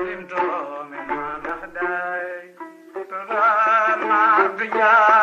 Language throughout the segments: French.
I Thank you.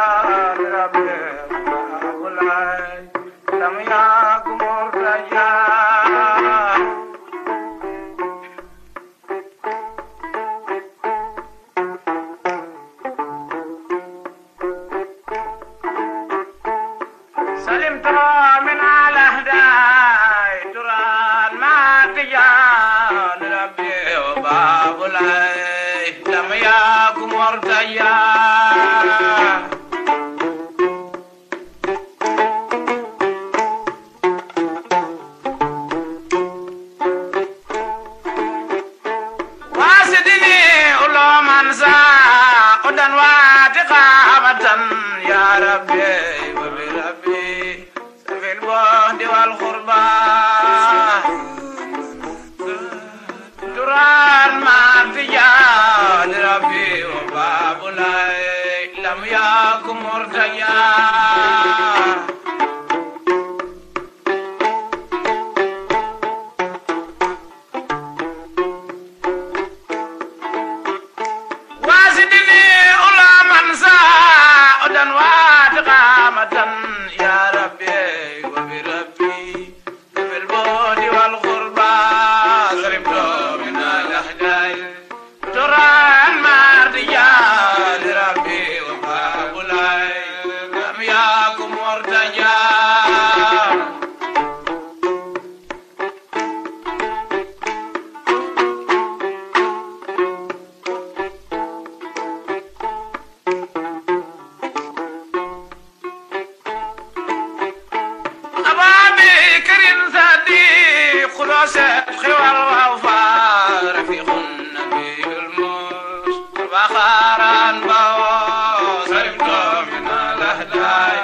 خير صديق راس الخوار وفار في النبي الموس بخارا بوس ربنا من الاهلاي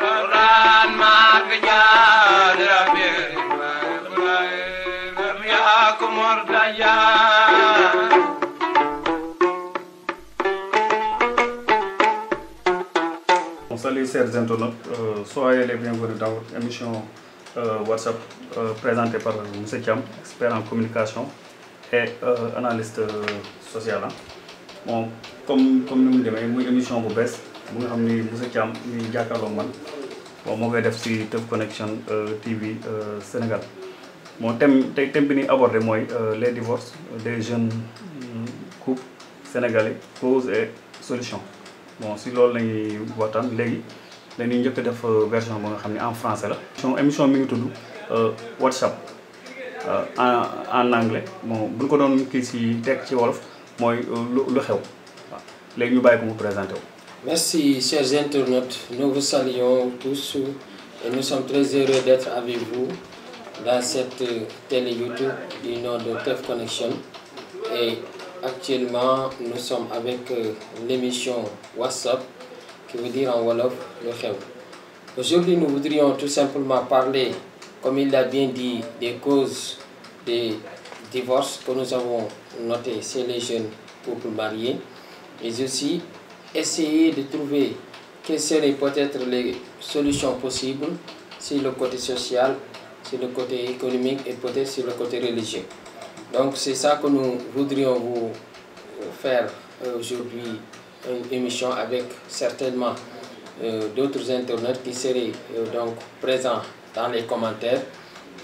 قران ما قجاد ربي لم يكن مرتجا Salut chers internautes, soyez les bienvenus dans votre émission Euh, WhatsApp euh, présenté par M. Kiam, expert en communication et euh, analyste social. Hein. Bon, comme, comme nous le disons, une émission bu baisse, bu nga Kiam ni monsieur Thiam ñuy jàkkaarloo man bon moo def Teuf Connection TV Sénégal bon thème thème bi ñuy abordé les divorces des jeunes mm, couples sénégalais causes et solutions bon si vous la ñuy waxtaan dañuy njëkk a def euh, version ba nga xam en français la. son émission mi ngi tudd euh, WhatsApp euh, en anglais bon bu ko doon kii si teg ci wolof mooy lu xew waaw ñu bàyyi ko mu présenté wu. Merci chers internautes, nous vous saluons tous et nous sommes très heureux d'être avec vous dans cette télé YouTube du nom de Tef Connection. Et actuellement, nous sommes avec l'émission WhatsApp qui veut dire en Wolof le Khew. Aujourd'hui, nous voudrions tout simplement parler, comme il l'a bien dit, des causes des divorces que nous avons notées chez les jeunes couples mariés, mais aussi essayer de trouver quelles seraient peut-être les solutions possibles sur le côté social, sur le côté économique et peut-être sur le côté religieux. Donc c'est ça que nous voudrions vous euh, faire euh, aujourd'hui une émission avec certainement euh, d'autres internautes qui seraient euh, donc présents dans les commentaires.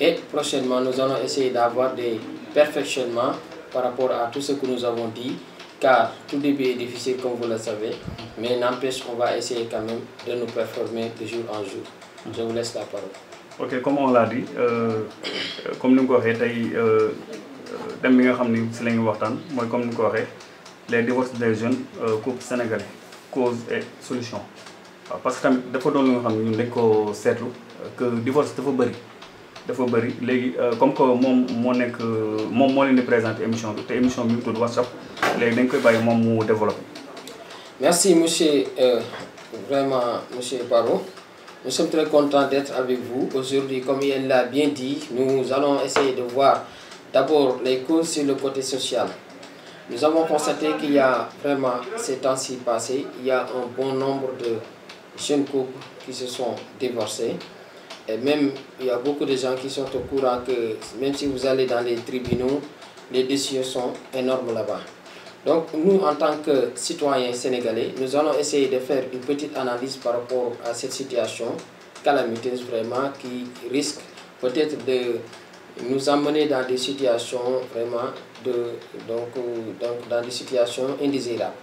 Et prochainement, nous allons essayer d'avoir des perfectionnements par rapport à tout ce que nous avons dit, car tout début est difficile, comme vous le savez, mais n'empêche, on va essayer quand même de nous performer de jour en jour. Je vous laisse la parole. ok comme on l'a dit euh, comme nous l'avons dit comme nous dit les divorces des jeunes couples euh, sénégalais cause et solution parce que tamit dafa nous lu nga xam euh, que divorce est bëri dafa euh, comme que moom moo nekk moom moo leen présenter émission bi émission WhatsApp les dañ koy bàyyi moom mu merci monsieur euh, vraiment monsieur Baro nous sommes très contents d'être avec vous aujourd'hui comme il l'a bien dit nous allons essayer de voir d'abord les causes sur le côté social nous avons constaté qu'il y a vraiment ces temps-ci passés, il y a un bon nombre de jeunes couples qui se sont divorcés. Et même, il y a beaucoup de gens qui sont au courant que même si vous allez dans les tribunaux, les décisions sont énormes là-bas. Donc nous, en tant que citoyens sénégalais, nous allons essayer de faire une petite analyse par rapport à cette situation calamiteuse vraiment qui risque peut-être de nous amener dans des situations vraiment de, donc, donc, dans des situations indésirables.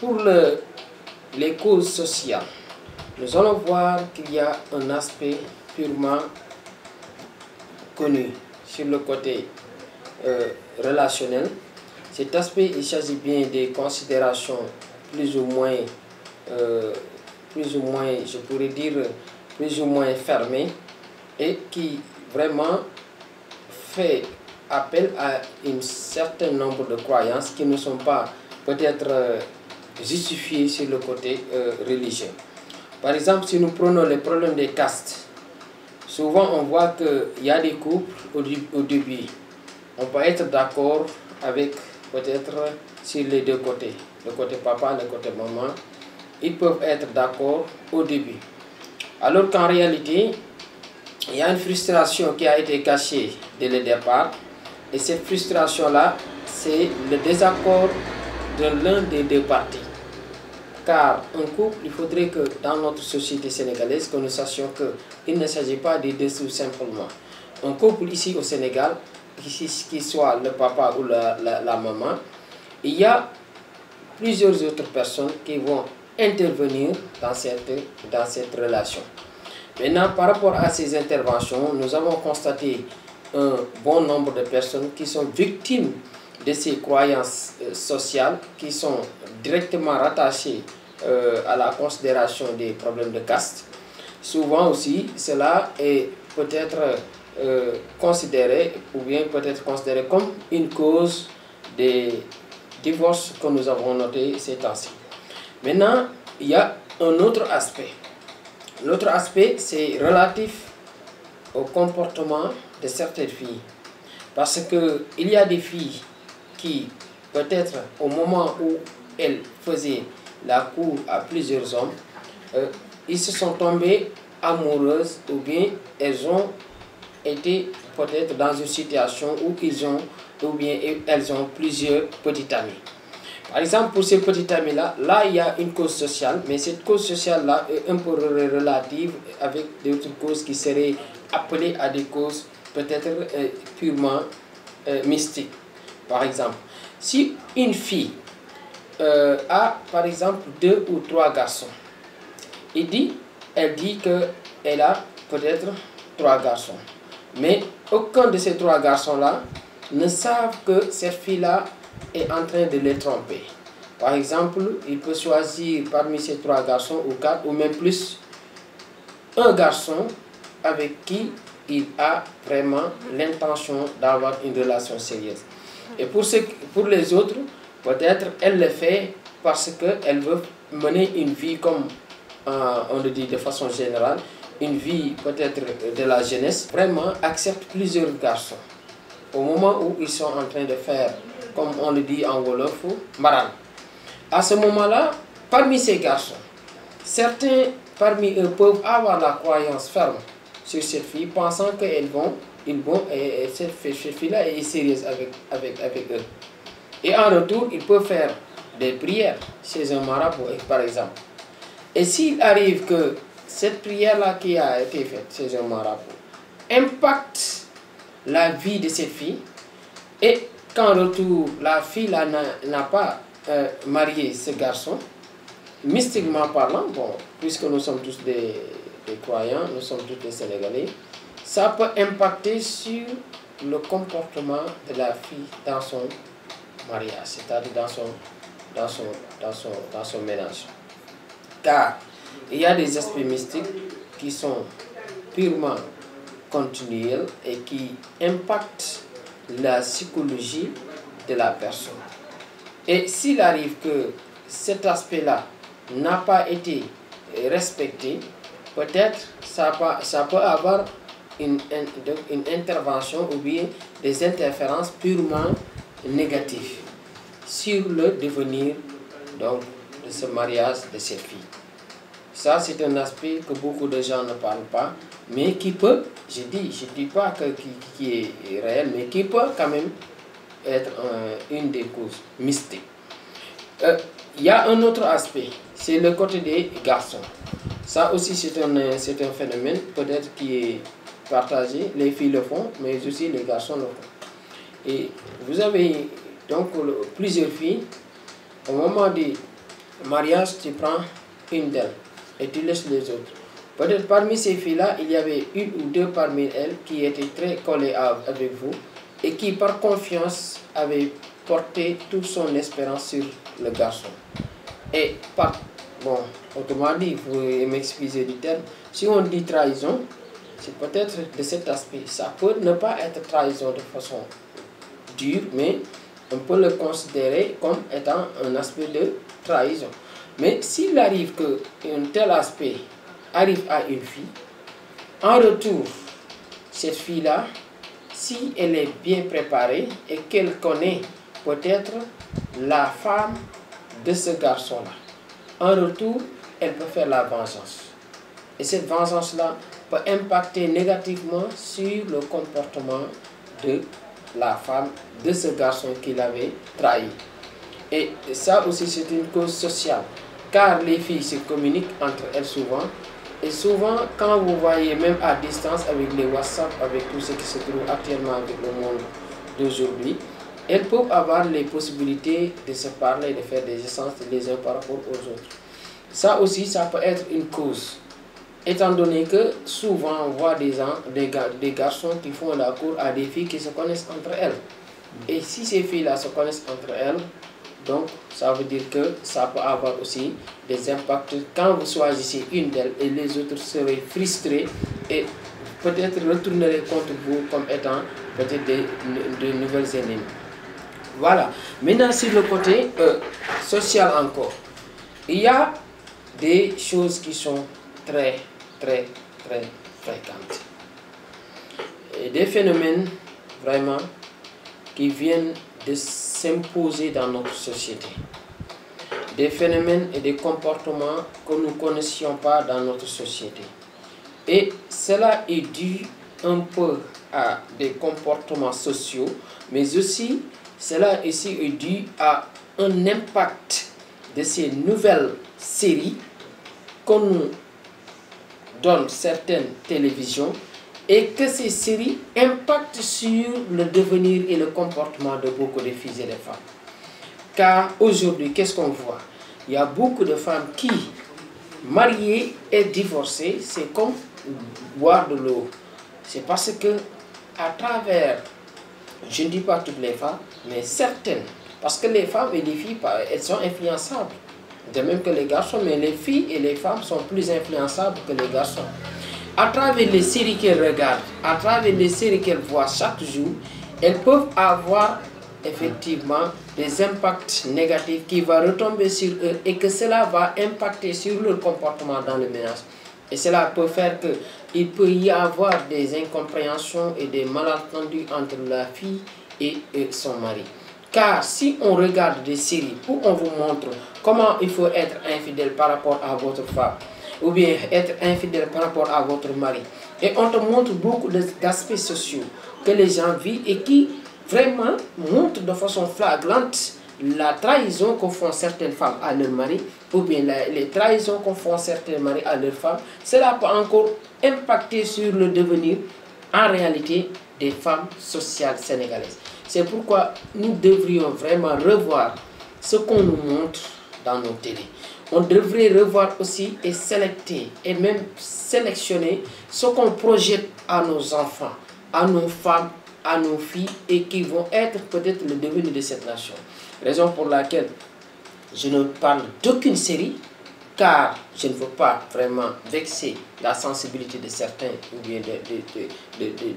Pour le, les causes sociales, nous allons voir qu'il y a un aspect purement connu sur le côté euh, relationnel. Cet aspect, il s'agit bien des considérations plus ou moins, euh, plus ou moins, je pourrais dire, plus ou moins fermées et qui vraiment fait appelle à un certain nombre de croyances qui ne sont pas peut-être euh, justifiées sur le côté euh, religieux. Par exemple, si nous prenons le problème des castes, souvent on voit qu'il y a des couples au, au début. On peut être d'accord avec peut-être sur les deux côtés, le côté papa, le côté maman. Ils peuvent être d'accord au début. Alors qu'en réalité, il y a une frustration qui a été cachée dès le départ et cette frustration-là, c'est le désaccord de l'un des deux parties. Car un couple, il faudrait que dans notre société sénégalaise, que nous sachions qu'il ne s'agit pas des deux sous simplement. Un couple ici au Sénégal, qu'il soit le papa ou la, la, la maman, il y a plusieurs autres personnes qui vont intervenir dans cette, dans cette relation. Maintenant, par rapport à ces interventions, nous avons constaté un bon nombre de personnes qui sont victimes de ces croyances euh, sociales qui sont directement rattachées euh, à la considération des problèmes de caste. Souvent aussi, cela est peut-être euh, considéré ou bien peut-être considéré comme une cause des divorces que nous avons noté ces temps-ci. Maintenant, il y a un autre aspect. L'autre aspect, c'est relatif au comportement certaines filles. Parce que il y a des filles qui, peut-être au moment où elles faisaient la cour à plusieurs hommes, euh, ils se sont tombés amoureuses ou bien elles ont été peut-être dans une situation où qu'ils ont ou bien elles ont plusieurs petites amies Par exemple, pour ces petites amies là là, il y a une cause sociale, mais cette cause sociale-là est un peu relative avec d'autres causes qui seraient appelées à des causes être euh, purement euh, mystique. Par exemple, si une fille euh, a, par exemple, deux ou trois garçons, il dit, elle dit qu'elle a peut-être trois garçons. Mais aucun de ces trois garçons-là ne savent que cette fille-là est en train de les tromper. Par exemple, il peut choisir parmi ces trois garçons ou quatre ou même plus un garçon avec qui il a vraiment l'intention d'avoir une relation sérieuse. Et pour, pour les autres, peut-être elle le fait parce qu'elle veut mener une vie comme euh, on le dit de façon générale, une vie peut-être de la jeunesse, vraiment accepte plusieurs garçons. Au moment où ils sont en train de faire, comme on le dit en Wolof, Maran. À ce moment-là, parmi ces garçons, certains parmi eux peuvent avoir la croyance ferme sur cette fille, pensant qu'elles vont, vont, et, et cette, fille-là est sérieuse avec, avec, avec eux. Et en retour, il peut faire des prières chez un marabout, par exemple. Et s'il arrive que cette prière-là qui a été faite chez un marabout impacte la vie de cette fille, et qu'en retour, la fille là n'a pas euh, marié ce garçon, mystiquement parlant, bon, puisque nous sommes tous des croyants, nous sommes tous des Sénégalais, ça peut impacter sur le comportement de la fille dans son mariage, c'est-à-dire dans son, dans, son, dans, son, dans son ménage. Car il y a des aspects mystiques qui sont purement continuels et qui impactent la psychologie de la personne. Et s'il arrive que cet aspect-là n'a pas été respecté, peut-être ça, ça peut avoir une, intervention ou bien des interférences purement négatives sur le devenir donc, de ce mariage de cette fille. Ça, c'est un aspect que beaucoup de gens ne parlent pas, mais qui peut, je dis, je ne dis pas que, qui, est réel, mais qui peut quand même être une des causes mystiques. Euh, il y a un autre aspect c'est le côté des garçons. Ça aussi, c'est un, un phénomène peut-être qui est partagé. Les filles le font, mais aussi les garçons le font. Et vous avez donc plusieurs filles. Au moment du mariage, tu prends une d'elles et tu laisses les autres. Peut-être parmi ces filles-là, il y avait une ou deux parmi elles qui étaient très collées avec vous et qui, par confiance, avaient porté toute son espérance sur le garçon. Et bon, autrement dit, vous pouvez m'excuser du terme, si on dit trahison, c'est peut-être de cet aspect. Ça peut ne pas être trahison de façon dure, mais on peut le considérer comme étant un aspect de trahison. Mais s'il arrive qu'un tel aspect arrive à une fille, en retour, cette fille-là, si elle est bien préparée et qu'elle connaît peut-être la femme de ce garçon-là, en retour, elle peut faire la vengeance. Et cette vengeance-là peut impacter négativement sur le comportement de la femme, de ce garçon qu'il avait trahi. Et ça aussi, c'est une cause sociale. Car les filles se communiquent entre elles souvent. Et souvent, quand vous voyez, même à distance, avec les WhatsApp, avec tout ce qui se trouve actuellement avec le monde d'aujourd'hui, elles peuvent avoir les possibilités de se parler, de faire des essences les uns par rapport aux autres. Ça aussi, ça peut être une cause. Étant donné que souvent on voit des, gens, des, gar des garçons qui font la cour à des filles qui se connaissent entre elles. Mm. Et si ces filles-là se connaissent entre elles, donc ça veut dire que ça peut avoir aussi des impacts. Quand vous choisissez une d'elles et les autres seraient frustrés et peut-être retourneraient contre vous comme étant peut-être de, nouvelles ennemis. Voilà. Maintenant, sur le côté euh, social encore, il y a des choses qui sont très, très, très fréquentes. Et des phénomènes vraiment qui viennent de s'imposer dans notre société. Des phénomènes et des comportements que nous ne connaissions pas dans notre société. Et cela est dû un peu à des comportements sociaux, mais aussi cela ici est dû à un impact de ces nouvelles séries qu'on donne certaines télévisions et que ces séries impactent sur le devenir et le comportement de beaucoup de filles et de femmes. Car aujourd'hui, qu'est-ce qu'on voit Il y a beaucoup de femmes qui, mariées et divorcées, c'est comme boire de l'eau. C'est parce que, à travers, je ne dis pas toutes les femmes, mais certaines. Parce que les femmes et les filles, elles sont influençables. De même que les garçons, mais les filles et les femmes sont plus influençables que les garçons. À travers les séries qu'elles regardent, à travers les séries qu'elles voient chaque jour, elles peuvent avoir effectivement des impacts négatifs qui vont retomber sur eux et que cela va impacter sur leur comportement dans le ménage. Et cela peut faire qu'il peut y avoir des incompréhensions et des malentendus entre la fille et, son mari. Car si on regarde des séries où on vous montre comment il faut être infidèle par rapport à votre femme, ou bien être infidèle par rapport à votre mari, et on te montre beaucoup d'aspects sociaux que les gens vivent et qui vraiment montrent de façon flagrante la trahison que font certaines femmes à leur mari, ou bien les trahisons qu'on font certains maris à leurs femmes, cela peut encore impacter sur le devenir, en réalité, des femmes sociales sénégalaises. C'est pourquoi nous devrions vraiment revoir ce qu'on nous montre dans nos télés. On devrait revoir aussi et sélecter et même sélectionner ce qu'on projette à nos enfants, à nos femmes, à nos filles et qui vont être peut-être le devenir de cette nation. Raison pour laquelle je ne parle d'aucune série car je ne veux pas vraiment vexer la sensibilité de certains ou bien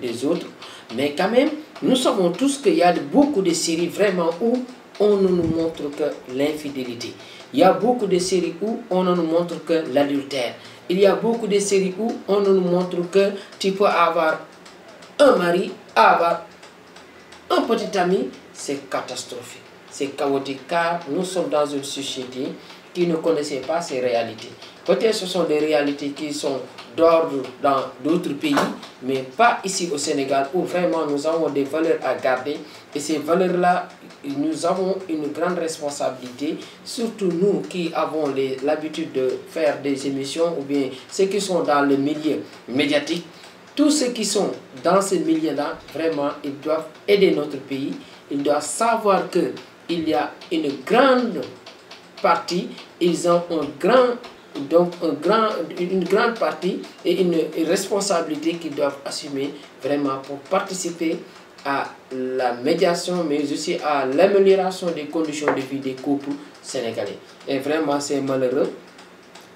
des autres. Mais quand même, nous savons tous qu'il y a beaucoup de séries vraiment où on ne nous montre que l'infidélité. Il y a beaucoup de séries où on ne nous montre que l'adultère. Il y a beaucoup de séries où on ne nous montre que tu peux avoir un mari, avoir un petit ami. C'est catastrophique. C'est chaotique car nous sommes dans une société qui ne connaissait pas ces réalités peut ce sont des réalités qui sont d'ordre dans d'autres pays, mais pas ici au Sénégal, où vraiment nous avons des valeurs à garder. Et ces valeurs-là, nous avons une grande responsabilité, surtout nous qui avons l'habitude de faire des émissions, ou bien ceux qui sont dans le milieu médiatique. Tous ceux qui sont dans ce milieu-là, vraiment, ils doivent aider notre pays. Ils doivent savoir qu'il y a une grande partie, ils ont un grand donc une grande partie et une responsabilité qu'ils doivent assumer vraiment pour participer à la médiation, mais aussi à l'amélioration des conditions de vie des couples sénégalais. Et vraiment, c'est malheureux.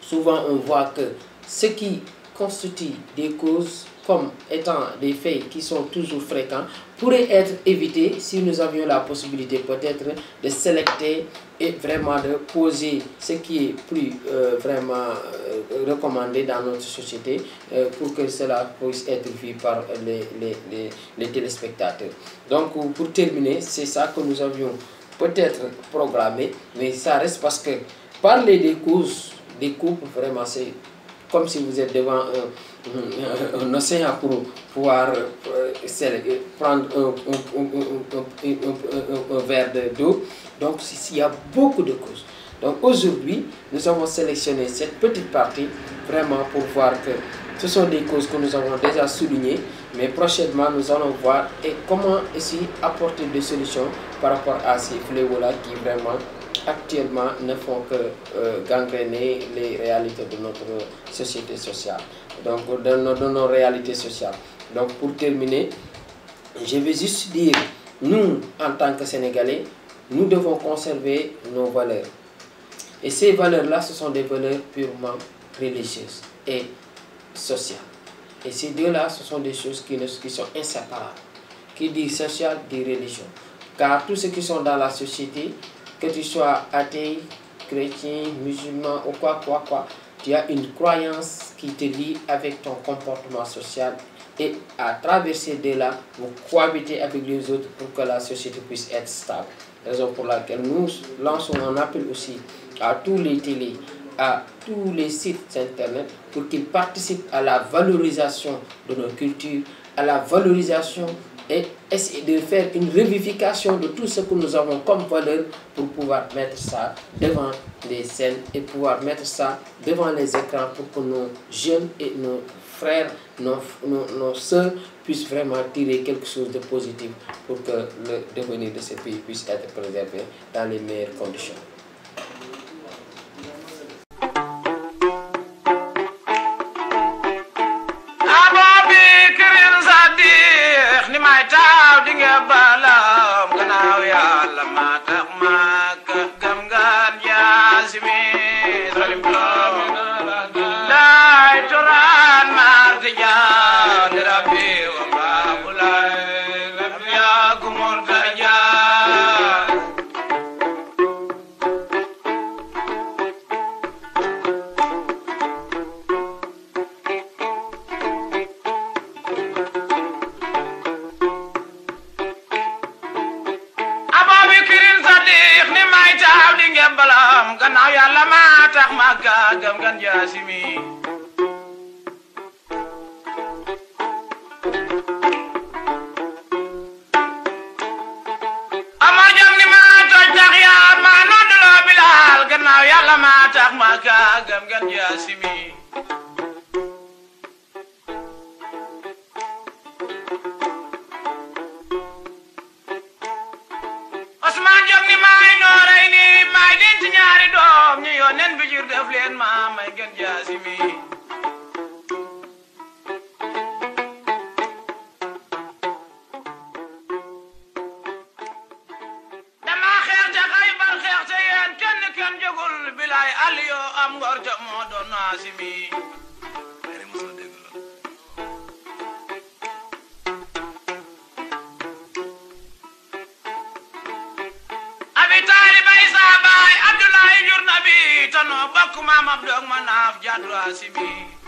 Souvent, on voit que ce qui constitue des causes comme étant des faits qui sont toujours fréquents, pourraient être évités si nous avions la possibilité peut-être de sélectionner et vraiment de poser ce qui est plus euh, vraiment euh, recommandé dans notre société euh, pour que cela puisse être vu par les, les, les, téléspectateurs. Donc pour terminer, c'est ça que nous avions peut-être programmé, mais ça reste parce que parler des courses, des coupes vraiment c'est comme si vous êtes devant un un océan pour pouvoir euh, prendre un, verre d'eau. Donc, il y a beaucoup de causes. Donc, aujourd'hui, nous avons sélectionné cette petite partie vraiment pour voir que ce sont des causes que nous avons déjà soulignées, mais prochainement, nous allons voir et comment ici apporter des solutions par rapport à ces fléaux-là qui vraiment actuellement ne font que euh, gangréner les réalités de notre société sociale donc dans nos, réalités sociales. Donc pour terminer, je vais juste dire, nous, en tant que Sénégalais, nous devons conserver nos valeurs. Et ces valeurs-là, ce sont des valeurs purement religieuses et sociales. Et ces deux-là, ce sont des choses qui, ne, qui sont inséparables. Qui dit social, dit religion. Car tous ceux qui sont dans la société, que tu sois athée, chrétien, musulman ou quoi, quoi, quoi, tu as une croyance qui te lie avec ton comportement social et à traverser de là vous cohabitez avec les autres pour que la société puisse être stable. Raison pour laquelle nous lançons un appel aussi à tous les télés, à tous les sites internet pour qu'ils participent à la valorisation de nos cultures, à la valorisation et essayer de faire une revivification de tout ce que nous avons comme valeur pour pouvoir mettre ça devant les scènes et pouvoir mettre ça devant les écrans pour que nos jeunes et nos frères, nos, nos, nos soeurs puissent vraiment tirer quelque chose de positif pour que le devenir de ce pays puisse être préservé dans les meilleures conditions. Ya oh, ma tax ma kaagam gan jaasimi ya Ousmane Diop ni maay nooray ni maay dent ñaari doom ñu yonen bi jur def leen ma may gan jaasimi waaye aliyo am ngor jom moo doon naasimi Abdoulaye jur na bi tanoo bokk maam ab doog ma naaf jàddu asimi